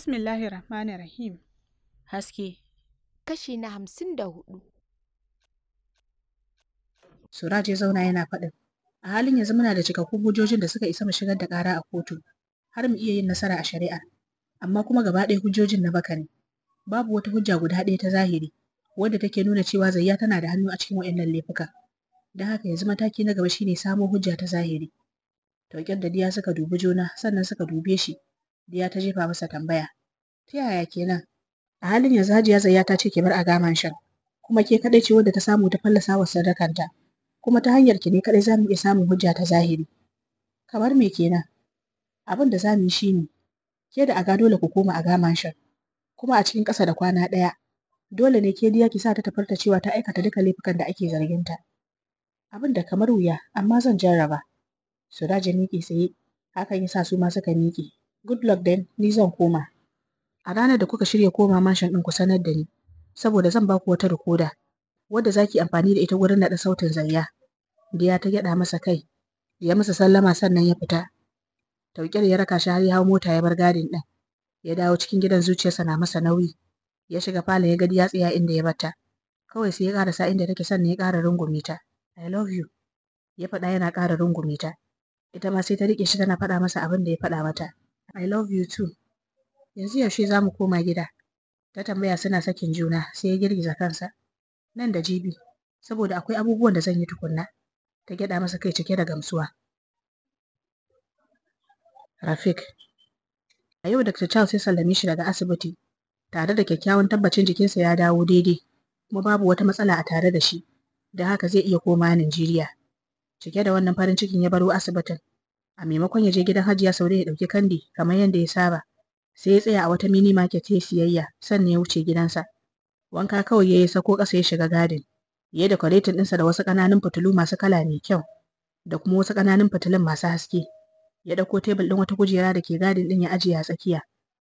Bismillahi Rahmanir Rahim. Haske. Kashi na hamsin da hudu. Suraj ya zauna yana faɗin. A halin yanzu muna da cikakkun hujjojin da suka isa mu shigar da ƙara a kotu, har mu iya yin nasara a shari'a. Amma kuma gaba ɗaya hujjojin na baka ne. Babu wata hujja guda ɗaya ta zahiri, wadda take nuna cewa Zayya tana da hannu a cikin wa'annan laifuka. Don haka yanzu mataki na gaba shine samo hujja ta zahiri. Tauƙen da Diya suka dubi juna, sannan suka dube shi, Diya ta jefa masa tambaya. Ta yaya kenan? A halin yanzu Hajiya Zayya ta ce ki bar a gaman shan. Kuma ke kaɗai ce wadda ta samu ta fallasa wa sadakanta. Kuma ta hanyar ki ne kaɗai za mu iya samun hujja ta zahiri. Kamar me kenan? Abin da za mu yi shi ne, ke da aga dole ku koma a gaman shan. Kuma a cikin ƙasa da kwana ɗaya, dole ne ke diya ki sa ta tafarta cewa ta aikata duka laifukan da ake zargin ta Abin da kamar wuya, amma zan jarraba. Suraje miƙe tsaye, hakan ya sa su ma suka miƙe. Good luck then, ni zan koma. A ranar da kuka shirya koma mashin ɗin ku sanar da ni, saboda zan baku wata rikoda, wadda za ki amfani da ita wurin naɗa sautin zayya. Diya ta gyaɗa masa kai, ya masa sallama sannan ya fita. Tauƙir ya raka shi har ya hau mota ya bar gadin ɗin. Ya dawo cikin gidan zuciyarsa na masa nauyi. Ya shiga falon ya gadi ya tsaya inda ya batta. Kawai sai ya ƙarasa inda take sannan ya ƙara rungume ta. I love you. Ya faɗa yana ƙara rungume ta. Ita ma sai ta riƙe shi tana faɗa masa abin da ya faɗa mata. I love you too. Yanzu yaushe za mu koma gida? Ta tambaya suna sakin juna sai ya girgiza kansa. Nan da jibi, saboda akwai abubuwan da zan yi tukunna. Ta gyaɗa masa kai cike da gamsuwa. Rafik. A yau Dr. Charles ya sallame shi daga asibiti tare da kyakkyawan tabbacin jikinsa ya dawo daidai kuma babu wata matsala a tare da shi, da haka zai iya koma Najeriya. Cike da wannan farin cikin ya baro asibitin. a maimakon ya je gidan hajiya Saude ya ɗauki kandi kamar yadda ya saba sai ya tsaya a wata mini market ya siyayya sannan ya wuce gidansa wanka kawai ya yi sako ƙasa ya shiga gadin ya da kwaletin ɗinsa da wasu ƙananun fitilu masu kala mai kyau da kuma wasu ƙananun fitilun masu haske ya ɗauko tebul ɗin wata kujera da ke gadin ɗin ya ajiye a tsakiya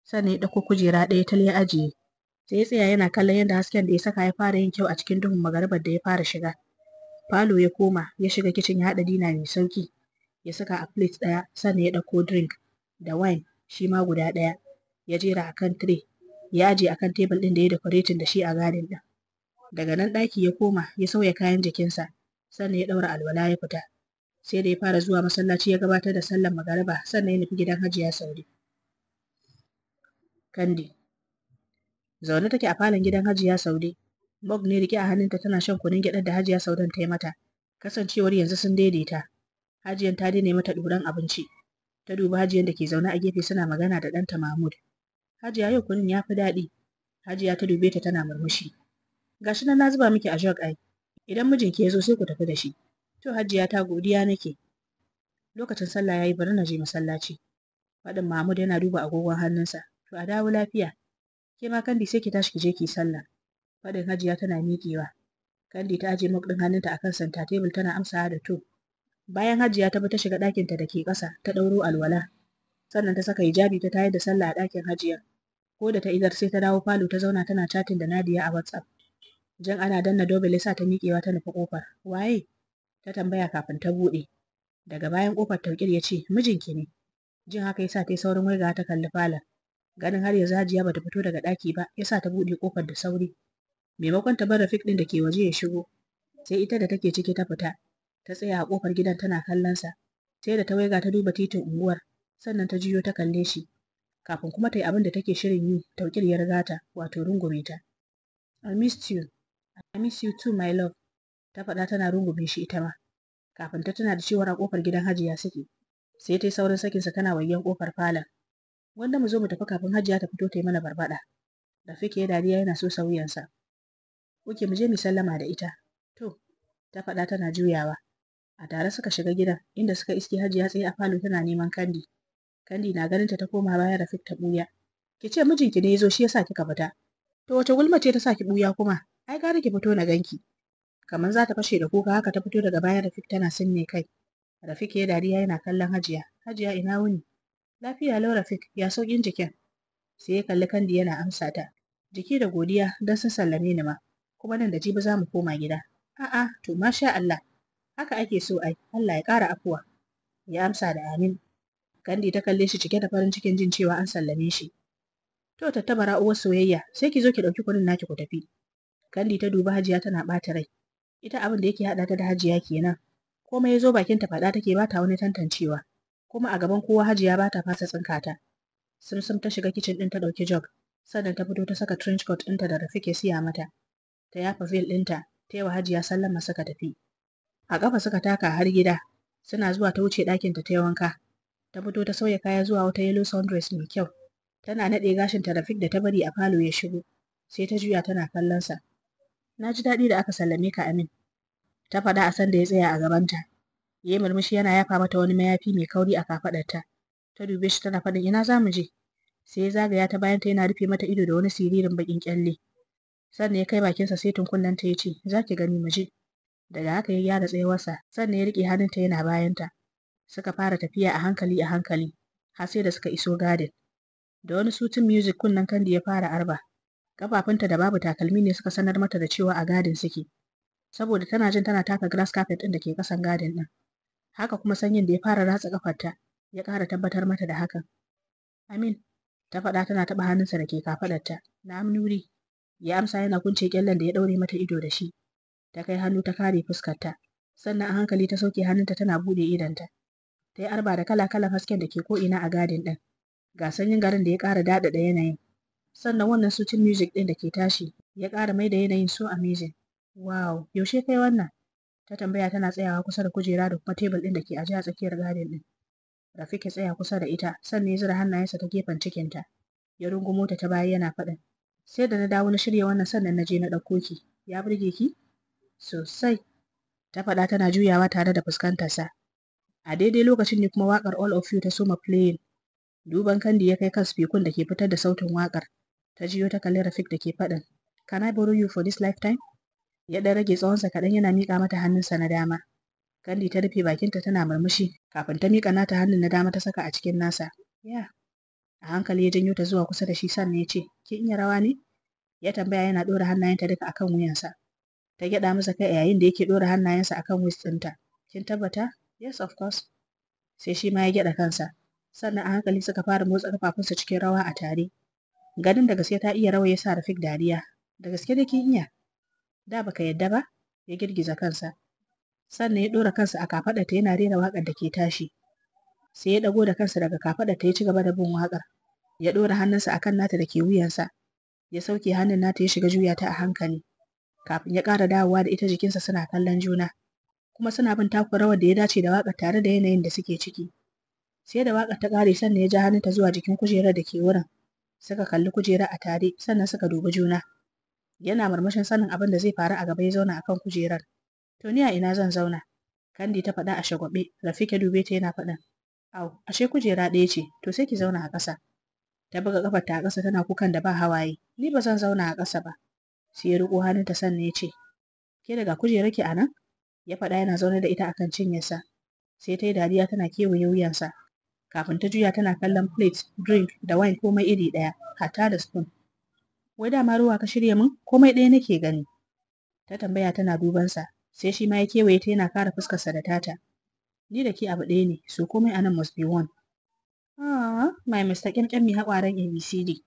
sannan ya ɗauko kujera ɗaya ta ya ajiye sai ya tsaya yana kallon yadda hasken da ya saka ya fara yin kyau a cikin duhun magaribar da ya fara shiga falo ya koma ya shiga kicin ya haɗa dina mai sauki ya saka a plate ɗaya sannan ya ɗauko drink da wine shi ma guda ɗaya ya jera a kan tray ya aje a kan tebul ɗin da ya decorating da shi a gadin ɗin. Daga nan ɗaki ya koma ya sauya kayan jikinsa sannan ya ɗaura alwala ya fita. Sai da ya fara zuwa masallaci ya gabatar da sallar magariba sannan ya nufi gidan Hajiya Saude. Kandi zaune take a falon gidan Hajiya Saude. Mog ne rike a hannunta tana shan kunun gyaɗar da Hajiya sauran ta yi mata. Kasancewar yanzu sun daidaita, Hajiyan ta daina mata ɗoran abinci. Ta duba hajiyan da ke zaune a gefe suna magana da ɗanta Mahmud. Hajiya yau kunun ya fi daɗi. Hajiya ta dube ta tana murmushi. Gashi nan na zuba miki a jog ai. Idan mijinki ya zo sai ku tafi da shi. To hajiya ta godiya nake. Lokacin sallah ya yi bari na je masallaci. Faɗin Mahmud yana duba agogon hannunsa. To a dawo lafiya. Ke ma kandi sai ki tashi ki je ki sallah. Faɗin hajiya tana miƙewa. Kandi ta aje mok hannunta hannunta akan santa tebul tana amsawa da to. Bayan Hajiya ta bi ta shiga ɗakinta da ke ƙasa ta ɗauro alwala. Sannan ta saka hijabi ta tayar da sallah a ɗakin Hajiya. Ko da ta idar sai ta dawo falo ta zauna tana chatting da Nadiya a WhatsApp. Jan ana danna dobele sa ta miƙewa ta nufi ƙofar. Waye? Ta tambaya kafin ta buɗe. Daga bayan ƙofar Taukir ya ce, Mijinki ne. Jin haka yasa ta yi saurin waiga ta kalli falon. Ganin har yanzu Hajiya bata fito daga ɗaki ba, ya sa ta buɗe ƙofar da sauri. Maimakon ta bar Rafiq ɗin da ke waje ya shigo, sai ita da take ciki ta fita, ta tsaya a kofar gidan tana kallon sa sai da ta waiga ta duba titin unguwar sannan ta jiyo ta kalle shi kafin kuma ta yi abin da take shirin yi taukir ya riga ta wato rungume ta I missed you I miss you too my love ta faɗa tana rungume shi ita ma kafin ta tana da cewar a kofar gidan hajiya suke sai ta yi saurin sakinsa tana wayyan kofar falon wanda mu zo mu tafi kafin hajiya ta fito ta yi mana barbaɗa Rafik ya dariya yana so sauyansa. Oke mu je mu sallama da ita. To, ta faɗa tana juyawa. A tare suka shiga gidan, inda suka iske Hajiya tsaye a falo tana neman Kandi. Kandi na ganinta ta koma baya Rafik ta buya Ki ce mijinki ne ya zo shi yasa kika fita. To wace gulma ce ta sa ki buya kuma? Ai gara ki fito na ganki. Kamar za ta fashe da kuka haka ta fito daga bayan Rafik tana sinne kai. Rafik ya dariya yana kallon Hajiya. Hajiya ina wuni? Lafiya lau Rafik, ya saukin jikin. Sai ya kalli Kandi yana amsa ta. Jiki da godiya don sun sallame ni ma. Kuma nan da jibi za mu koma gida. A'a, to masha Allah. haka ake so ai Allah ya ƙara afuwa ya amsa da amin kandi ta kalle shi cike da farin cikin jin cewa an sallame shi to tattabara ra'uwar soyayya sai ki zo ki ɗauki kuɗin naki ku tafi kandi ta duba hajiya tana ɓata rai ita abin da yake haɗa ta da hajiya kenan komai ya zo bakinta faɗa take ba ta wani tantancewa kuma a gaban kowa hajiya ba ta fasa tsinkata sumsum ta shiga kicin ɗin ta ɗauki jog sannan ta fito ta saka trench coat ɗinta da rafi ke siya mata ta yafa veil ɗinta ta yi wa hajiya sallama suka tafi a ƙafa suka taka har gida suna zuwa ta wuce ɗakinta ta yi wanka ta fito ta sauya kaya zuwa wata yellow sundress mai kyau tana naɗe gashin ta Rafik da ta bari a falo ya shigo sai ta juya tana kallonsa na ji daɗi da aka sallame ka Amin ta faɗa a sanda ya tsaya a gabanta ya yi murmushi yana yafa mata wani mayafi mai kauri a kafaɗarta ta dube shi tana faɗin ina za mu je sai ya zagaya ta bayan ta yana rufe mata ido da wani siririn baƙin ƙyalle sannan ya kai bakinsa sai ta ya ce za ki gani mu je daga haka ya gyara tsayuwarsa sannan ya riƙe hannunta yana bayanta suka fara tafiya a hankali a hankali har sai da suka iso gadin da wani sutin music kunnen kandi ya fara arba Ƙafafunta da babu takalmi ne suka sanar mata da cewa a gadin suke saboda tana jin tana taka grass carpet ɗin da ke ƙasan gadin ɗin haka kuma sanyin da ya fara ratsa kafarta ya ƙara tabbatar mata da hakan amin ta faɗa tana taɓa hannunsa da ke kafaɗarta na amnuri ya amsa yana kunce ƙyallen da ya ɗaure mata ido da shi ta kai hannu ta kare fuskarta sannan a hankali ta sauke hannunta tana buɗe idanta ta yi arba da kala-kalan hasken da ke ko'ina a gadin ɗin ga sanyin garin da ya ƙara daɗaɗa yanayin sannan wannan sucin music ɗin da ke tashi ya ƙara mai da yanayin so amazing wow yaushe kai wannan ta tambaya tana tsayawa kusa da kujera da kuma tebul ɗin da ke ajiya tsakiyar gadin ɗin Rafiq ya tsaya kusa da ita sannan ya zura hannayensa ta gefen cikinta ya rungumo ta ta baya yana faɗin sai da na dawo na shirya wannan sannan na je na ɗauko ki ya burge ki sosai ta faɗa tana juyawa tare da fuskantarsa a daidai lokacin ne kuma waƙar all of you ta soma playing duban kandi ya kai kan spikun da ke fitar da sautin waƙar ta jiyo ta kalli rafik da ke faɗin can i borrow you for this lifetime ya ɗan rage tsawonsa kaɗan yana miƙa mata hannunsa na dama kandi ta rufe bakinta tana murmushi kafin ta miƙa nata hannun na dama ta saka a cikin nasa ya a hankali ya janyo ta zuwa kusa da shi sannan ya ce kin iya rawa ne ya tambaya yana ɗora hannayenta duka akan wuyansa ta gyaɗa masa kai yayin da yake ɗora hannayensa akan waist ɗinta kin tabbata yes of course sai shi ma ya gyaɗa kansa sannan a hankali suka fara motsa kafafunsa cikin rawa a tare ganin da gaske ta iya rawa ya sa Rafik dariya da gaske da kin iya da baka yadda ba ya girgiza kansa sannan ya ɗora kansa a kafaɗarta yana rera waƙar da ke tashi sai ya ɗago da kansa daga kafaɗarta ya ci gaba da bin waƙar ya ɗora hannunsa a kan nata da ke wuyansa ya sauke hannun nata ya shiga juyata a hankali kafin ya ƙara dawowa da ita jikinsa suna kallon juna kuma suna bin takurawar da ya dace da waƙar tare da yanayin da suke ciki sai da waƙar ta ƙare sannan ya ja hannunta zuwa jikin kujerar da ke wurin suka kalli kujera a tare sannan suka dubi juna yana murmushin sanin abin da zai faru a gaba ya zauna akan kujerar to ni a ina zan zauna kandi ta faɗa a shagwabe rafike ya dube ta yana faɗin au ashe kujera ɗaya ce to sai ki zauna a ƙasa ta buga ƙafarta a ƙasa tana kukan da ba hawaye ni ba zan zauna a ƙasa ba sai ya riƙo hannunta sannan ya ce ke daga kujerar ki a nan ya faɗa yana zaune da ita kan cinyarsa sai ta yi dariya tana kewaye wuyansa kafin ta juya tana kallon plate drink da wine komai iri ɗaya hatta da spoon wai dama ruwa ka shirya min komai ɗaya nake gani ta tambaya tana dubansa sai shi ma ya kewaye ta yana kara fuskarsa da tata ni da ke abu ɗaya ne so komai anan, nan must be one ah Mr mista kyamkyam mai haƙwaren abcd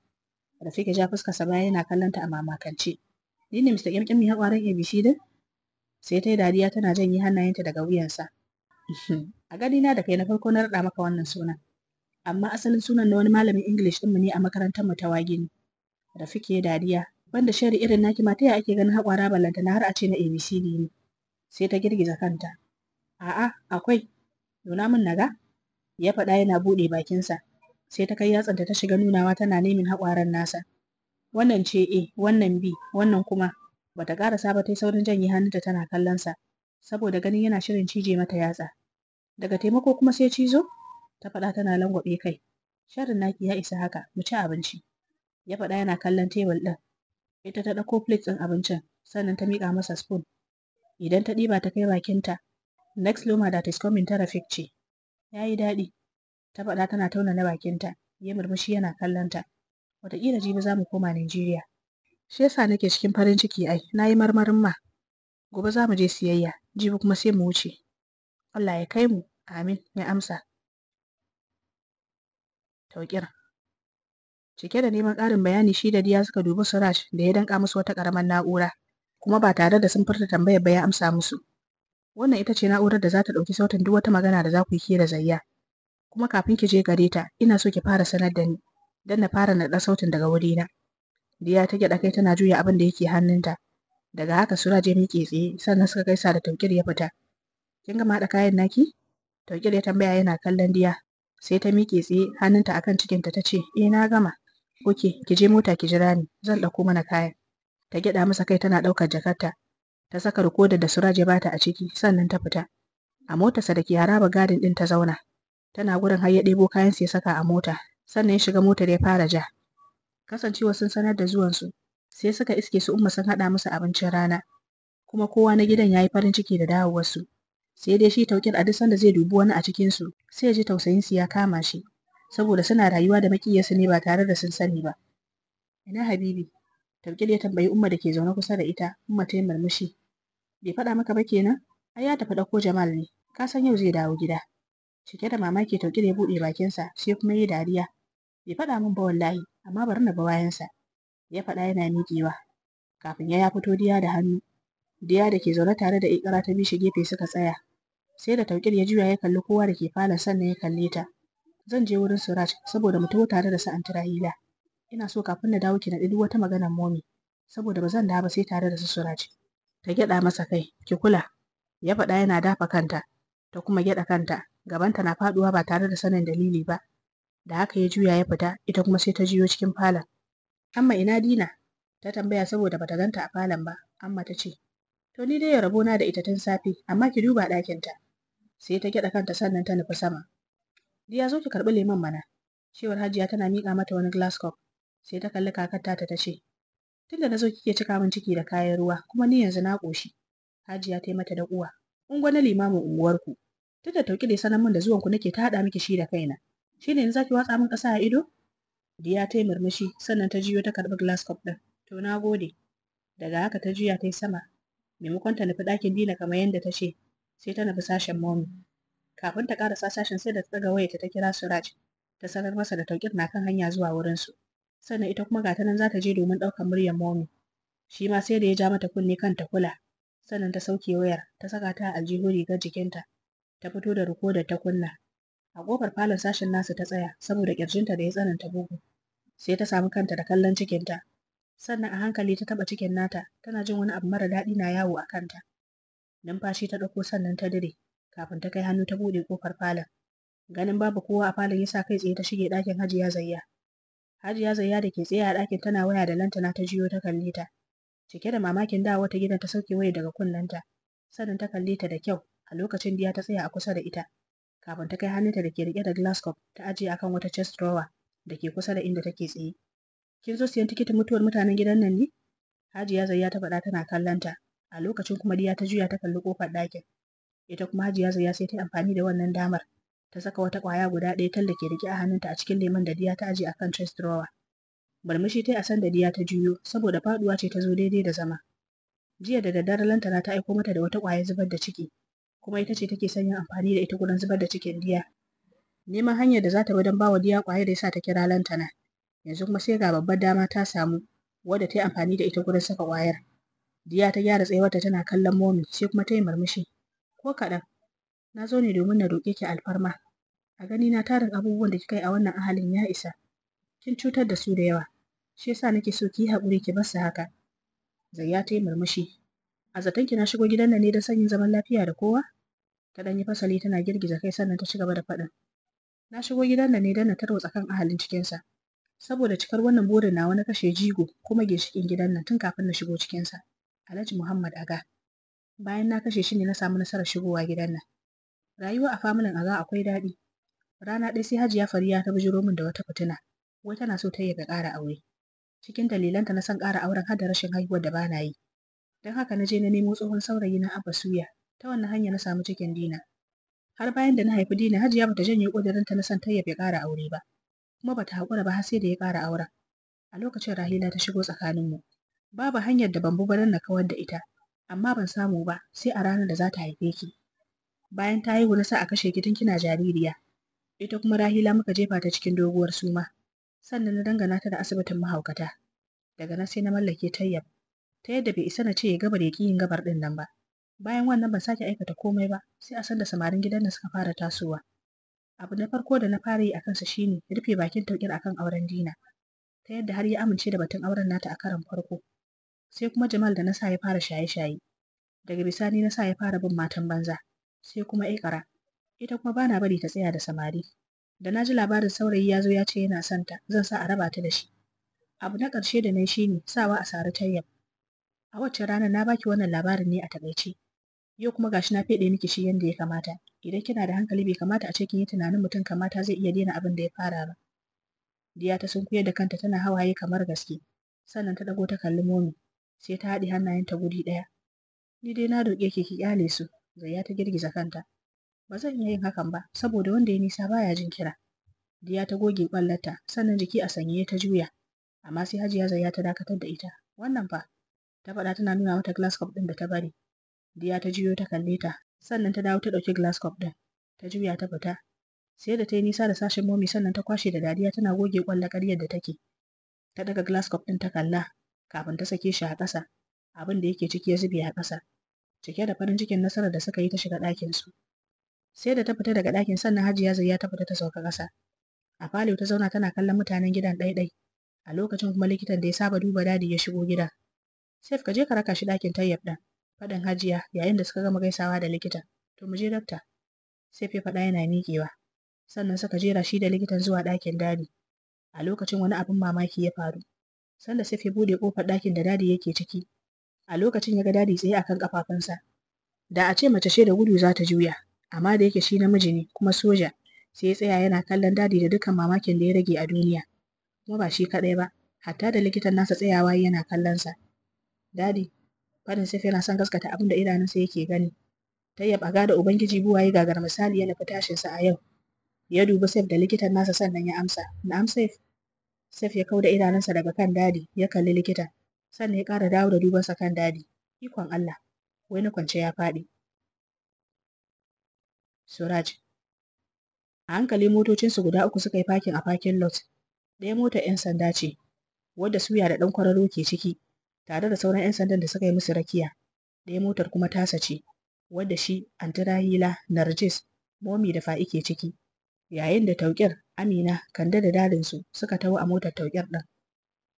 rafika ja fuskarsa baya yana kallon ta a mamakance ni ne Mr. Kyamkyam ya ƙwaron ya bishi din sai ta dariya tana janye hannayenta daga wuyansa a gani na da kai na farko na raɗa maka wannan sunan amma asalin sunan na wani malamin English ɗinmu ne a makarantar mu ta Wagini rafike ya dariya banda shari irin naki ma ta ake ganin haƙwara ballanta na har a ce na ABCD ne sai ta girgiza kanta a'a akwai nuna min naga ya faɗa yana buɗe bakinsa sai ta kai yatsanta ta shiga nunawa tana nemin haƙwaran nasa wannan ce A, wannan B, wannan kuma. Bata ƙara ba ta saurin janye hannunta tana kallonsa, saboda ganin yana shirin cije mata yatsa. Daga taimako kuma sai cizo? Ta faɗa tana langwaɓe kai. Sharin naki ya isa haka, mu ci abinci. Ya faɗa yana kallon tebul ɗin. Ita ta ɗauko plate ɗin abincin, sannan ta miƙa masa spoon. Idan ta ɗiba ta kai bakinta, next loma that is coming ta Rafik ce. Ya yi daɗi. Ta faɗa tana tauna na bakinta, ya murmushi yana kallonta. wataƙila jibi za mu koma Najeriya. Shi yasa nake cikin farin ciki ai, na yi marmarin ma. Gobe za mu je siyayya, jibi kuma sai mu wuce. Allah ya kai mu, amin, ya amsa. Tauƙir. Cike da neman ƙarin bayani shi da Diya suka dubi Suraj da ya danƙa musu wata ƙaramar na'ura, kuma ba tare da sun furta tambayar ba ya amsa musu. Wannan ita ce na'urar da za ta ɗauki sautin duk wata magana da za ku yi da zayya. Kuma kafin ki je gare ta, ina so ki fara sanar da ni. Dan na fara naɗa sautin daga wurina. Diya ta gyaɗa kai tana juya abin da yake hannunta. Daga haka Suraje ya miƙe tsaye sannan suka gaisa da Taukir ya fita. Kin gama haɗa kayan naki? Taukir ya tambaya yana kallon Diya. Sai ta miƙe tsaye hannunta akan cikinta ta ce, "Eh na gama." Oke, ki je mota ki jira ni, zan ɗauko mana kayan. Ta gyaɗa masa kai tana ɗaukar jakarta. Ta saka rikoda da Suraje ya bata a ciki sannan ta fita. A motarsa da ke haraba gadin ɗin ta zauna. Tana gurin har ya ɗebo kayan ya saka a mota sannan ya shiga motar ya fara ja kasancewa sun sanar da zuwansu sai suka iske su umma sun haɗa musu abincin rana kuma kowa na gidan ya yi farin ciki da dawowarsu sai dai shi taukin a duk sanda zai dubi wani a cikinsu sai ya ji tausayinsu ya kama shi saboda suna rayuwa da makiyarsu ne ba tare da sun sani ba ina habibi taukin ya tambayi umma da ke zaune kusa da ita umma ta yi murmushi bai faɗa maka ba kenan ai ya tafi ɗauko jamal ne ka san yau zai dawo gida cike da mamaki taukin ya buɗe bakinsa sai kuma yi dariya bai faɗa min ba wallahi amma bari na ba bayansa ya faɗa yana miƙewa kafin ya ya fito diya da hannu diya da ke zaune tare da ikara ta bishi gefe suka tsaya sai da taukir ya juya ya kalli kowa da ke falon sannan ya kalle ta zan je wurin suraj saboda mu taho tare da sa'an turahila ina so kafin na dawo ki na duk wata magana momi saboda ba zan dawo ba sai tare da su suraj ta gyaɗa masa kai ki kula ya faɗa yana dafa kanta ta kuma gyaɗa kanta gabanta na faɗuwa ba tare da sanin dalili ba da haka ya juya ya fita ita kuma sai ta jiyo cikin falon amma ina dina ta tambaya saboda bata ganta a falon ba amma ta ce to ni dai ya na da ita tun safe amma ki duba ɗakinta sai ta gyaɗa kanta sannan ta nufi sama diya zo ki karɓi lemon mana cewar hajiya tana miƙa mata wani glass cup sai ta kalli kakar tata ta ce tunda na zo kike cika min ciki da kayan ruwa kuma ni yanzu na ƙoshi hajiya ta yi mata da uwa ungwa na limamin unguwarku tunda tauki da sanan min da zuwanku nake ta haɗa miki shi da kaina Shi ne za ki watsa min ƙasa a ido? Diya ta yi murmushi sannan ta jiyo ta karɓi glass cup ɗin. To na gode. Daga haka ta juya ta yi sama. Maimakon ta nufi ɗakin Dina kamar yadda ta ce, sai ta nufi sashen momi. Kafin ta ƙarasa sashen sai da ta tsaga wayarta ta kira Suraj. Ta sanar masa da Tauƙir na kan hanya zuwa wurinsu. Sannan ita kuma gata nan za ta je domin ɗaukar muryar momi. Shi ma sai da ya ja mata kunne kan ta kula. Sannan ta sauke wayar, ta saka ta a aljihu rigar jikinta. Ta fito da rikodar ta kunna. A ƙofar falon sashen nasu ta tsaya saboda ƙirjinta da ya tsananta bugu. Sai ta samu kanta da kallon cikinta. Sannan a hankali ta taɓa cikin nata, tana jin wani abu mara daɗi na yawo a kanta. Numfashi ta ɗauko sannan ta dire, kafin ta kai hannu ta buɗe ƙofar falon. Ganin babu kowa a falon yasa kai tsaye ta shige ɗakin Hajiya Zayya. Hajiya Zayya da ke tsaye a ɗakin tana waya da lantana ta jiyo ta kalle ta. Cike da mamakin dawa ta gidan ta sauke waya daga kunnenta. Sannan ta kalle ta da kyau a lokacin diya ta tsaya a kusa da ita. kafin ta kai hannunta da ke riƙe da glass cup ta ajiye akan wata chest drawer da ke kusa da inda take tsaye. Kin zo siyan tikitin mutuwar mutanen gidan nan ne? Hajiya Zayya ta faɗa tana kallon a lokacin kuma Diya ta juya ta kalli ƙofar ɗakin. Ita kuma Hajiya Zayya sai ta yi amfani da wannan damar, ta saka wata ƙwaya guda ɗaya tal da ke riƙe a hannunta a cikin lemun da Diya ta ajiye akan chest drawer. Barmishi ta yi a san da Diya ta juyo saboda faɗuwa ce ta zo daidai da zama. Jiya da daddare Lantana ta aiko mata da wata ƙwayar zubar da ciki, kuma ita ce take son yin amfani da ita gurin zubar da cikin diya neman hanyar da za ta bi don bawa diya ƙwayar da ya sa ta kira lantana yanzu kuma sai ga babbar dama ta samu wadda ta yi amfani da ita gurin saka ƙwayar diya ta gyara tsayuwarta tana kallon momi sai kuma ta yi murmushi ko kaɗan na zo ne domin na roƙe ki alfarma a gani na tarin abubuwan da kika yi a wannan ahalin ya isa kin cutar da su da yawa shi yasa nake so ki yi haƙuri ki bar su haka Zayya ta yi murmushi A zaton ki na shigo gidan nan ne don sanyin zaman lafiya da kowa? Ta ɗan fasali tana girgiza kai sannan ta cigaba da faɗin. Na shigo gidan nan ne don na tarwatsa kan ahalin cikinsa. Saboda cikar wannan burin na wani kashe jigo kuma ginshiƙin gidan nan tun kafin na shigo cikinsa. Alhaji Muhammad Aga. Bayan na kashe shi ne na samu nasarar shigowa gidan nan. Rayuwa a familin Aga akwai daɗi. Rana ɗaya sai Hajiya Fariya ta bijiro min da wata fitina. Wai tana so ta yi ga ƙara aure. Cikin dalilanta na son ƙara auren har da rashin haihuwar da ba na yi. don haka na je na nemo tsohon saurayi na Abba suya ta wannan hanya na samu cikin dina har bayan da na haifi dina hajiya bata janye ta na son tayyab ya ƙara aure ba kuma bata haƙura ba har sai da ya ƙara auren a lokacin rahila ta shigo tsakanin mu babu hanyar da ban bu barin na kawar da ita amma ban samu ba sai a ranar da za ta haife ki bayan ta haihu na sa a kashe gidan kina jaririya ita kuma rahila muka jefa ta cikin doguwar suma sannan na dangana ta da asibitin mahaukata daga na sai na mallake tayyab ta yadda bai isa na ce ya gabar ya yin gabar ɗin nan ba. Bayan wannan ban sake aikata komai ba sai a sanda samarin gidan da suka fara tasowa. Abu na farko da na fara yi a kansa shi ne, rufe bakin taukir akan auren Dina ta yadda har ya amince da batun auren nata a karon farko. Sai kuma Jamal da na sa ya fara shaye-shaye. Daga bisani na sa ya fara bin matan banza. Sai kuma Ikara. Ita kuma bana bari ta tsaya da samari. Da na ji labarin saurayi ya zo ya ce yana son ta, zan sa a raba ta da shi. Abu na ƙarshe da na yi ne sawa a sari tayyab. A wacce rana na baki wannan labarin ne a takaice. Yau kuma gashi na feɗe miki shi yadda ya kamata. Idan kina da hankali bai kamata a ce kin yi tunanin mutum kamata zai iya daina abin da ya fara ba. Diya ta sunkuyar da kanta tana hawaye kamar gaske. Sannan ta ɗago ta kalli momi. Sai ta haɗe hannayenta guri ɗaya. Ni dai na roƙe ki ki ƙyale su. Zayya ta girgiza kanta. Ba zan iya yin hakan ba saboda wanda ya nisa baya jin kira. Diya ta goge ƙwallarta sannan jiki a sanye ta juya. Amma sai Hajiya Zayya ta dakatar da ita. Wannan fa ta faɗa tana nuna mata glass cup ɗin da ta bari. Diya ta juyo ta kalle ta, sannan ta dawo ta ɗauki glass cup ɗin, ta juya ta fita. Sai da ta yi nisa da sashen momi sannan ta kwashe da dariya tana goge ƙwallon ƙaryar da take. Ta ɗaga glass cup ɗin ta kalla, kafin ta sake shi a ƙasa, abin da yake ciki ya zube a ƙasa. Cike da farin cikin nasarar da suka yi ta shiga ɗakinsu. Sai da ta fita daga ɗakin sannan Hajiya Zayya ta fita ta sauka ƙasa. A falo ta zauna tana kallon mutanen gidan ɗaiɗai. A lokacin kuma likitan da ya saba duba dadi ya shigo gidan. Saif ka je ka raka shi ɗakin tayyab ɗin. Faɗin hajiya yayin da suka gama gaisawa da likitan. To mu je dokta. Saif ya faɗa yana miƙewa. Sannan suka jera shi da likitan zuwa ɗakin dadi. A lokacin wani abin mamaki ya faru. Sanda Saif ya buɗe ƙofar ɗakin da dadi yake ciki. A lokacin ya ga dadi tsaye a kan ƙafafunsa. Da a ce mace ce da gudu za ta juya. Amma da yake shi namiji ne kuma soja. Sai ya tsaya yana kallon dadi da dukkan mamakin da ya rage a duniya. Kuma ba shi kaɗai ba. Hatta da likitan nasa tsayawa yana kallonsa. sa. Dadi, faɗin Sif yana son gaskata abin da idanunsa yake gani. Tayyab a da Ubangiji buwaye gagar misali ya nufi tashinsa a yau. Ya dubi Saif da likitan nasa sannan ya amsa. Na'am Saif. Saif ya kauda idanunsa daga kan dadi ya kalli likitan. Sannan ya ƙara dawo da dubansa kan dadi. Ikon Allah. Wai na kwance ya faɗi. Suraj. A hankali motocinsu guda uku suka yi fakin a fakin lot. Ɗaya motar 'yan sanda ce, wadda suya da ɗan kwararo ke ciki, tare da sauran 'yan sandan da suka yi musu rakiya ɗaya motar kuma tasa ce wadda shi antirahila narjis momi da fa'i ke ciki yayin da tauƙir amina kande da su suka taho a motar taukir ɗin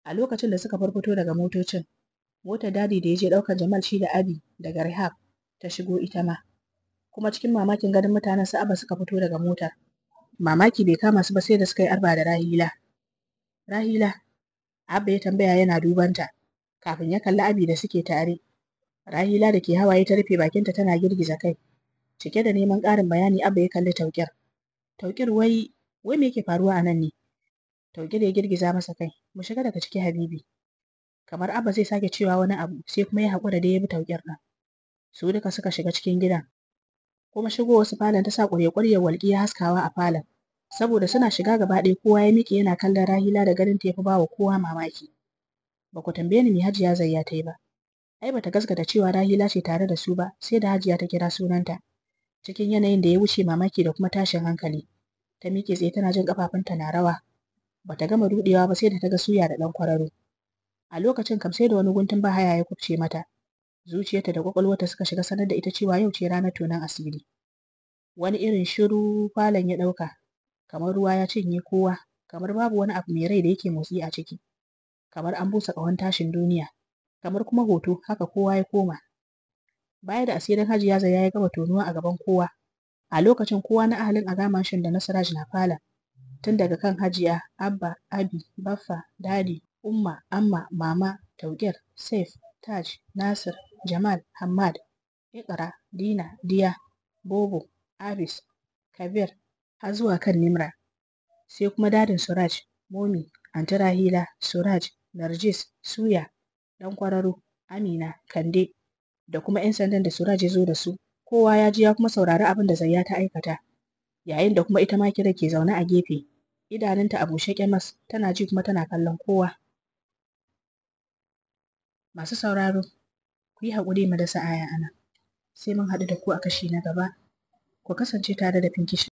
a lokacin da suka farfito daga motocin motar dadi da ya je ɗaukar jamal shi da abi daga rehab ta shigo ita ma kuma cikin mamakin ganin mutanen su aba suka fito daga motar mamaki bai kama su ba sai da suka yi arba da rahila rahila abba ya tambaya yana dubanta kafin ya kalli abi da suke tare. Rahila da ke hawaye ta rufe bakinta tana girgiza kai. Cike da neman ƙarin bayani Abba ya kalli taukir taukir wai wai me yake faruwa a nan ne? Tauƙir ya girgiza masa kai. Mu shiga daga ciki Habibi. Kamar Abba zai sake cewa wani abu sai kuma ya haƙura da ya bi taukir nan. Su duka suka shiga cikin gidan. Kuma shigo wasu falon ta sa ƙwarya-ƙwaryar ya haskawa a falon. Saboda suna shiga gaba ɗaya kowa ya miƙe yana kallon Rahila da ganin ta ya fi ba kowa mamaki. ba ku tambaye ni me hajiya zayya ta yi ba ai bata gaskata cewa rahila ce tare da su ba sai da hajiya ta kira sunanta cikin yanayin da ya wuce mamaki da kuma tashin hankali ta miƙe tsaye tana jin ƙafafunta na rawa bata gama ruɗewa ba sai da ta ga suya da ɗan kwararo a lokacin kam sai da wani guntun bahaya ya kubce mata zuciyarta da kwakwalwarta suka shiga sanar da ita cewa yau ce ranar tunan asiri wani irin shiru falon ya ɗauka kamar ruwa ya cinye kowa kamar babu wani abu mai rai da yake motsi a ciki kamar an busa ƙahon tashin duniya kamar kuma hoto haka kowa ya koma baya da asirin hajiya zai ya gama tonuwa a gaban kowa a lokacin kowa na ahalin shin da na na fala tun daga kan hajiya abba abi baffa dadi umma amma mama taugir saif taj nasir jamal hammad iqra dina diya bobo abis kabir har zuwa kan nimra sai kuma dadin suraj momi anti rahila suraj Narjis, Suya, Ɗan kwararo, Amina, Kande da kuma 'yan sandan da Suraj ya zo da su kowa ya ji ya kuma saurari abin da Zayya ta aikata yayin da kuma ita ma Kira ke zaune a gefe idanunta a bushe kyamas tana ji kuma tana kallon kowa masu sauraro ku yi haƙuri mu dasa aya a nan sai mun haɗu da ku a kashi na gaba ku kasance tare da Pinkish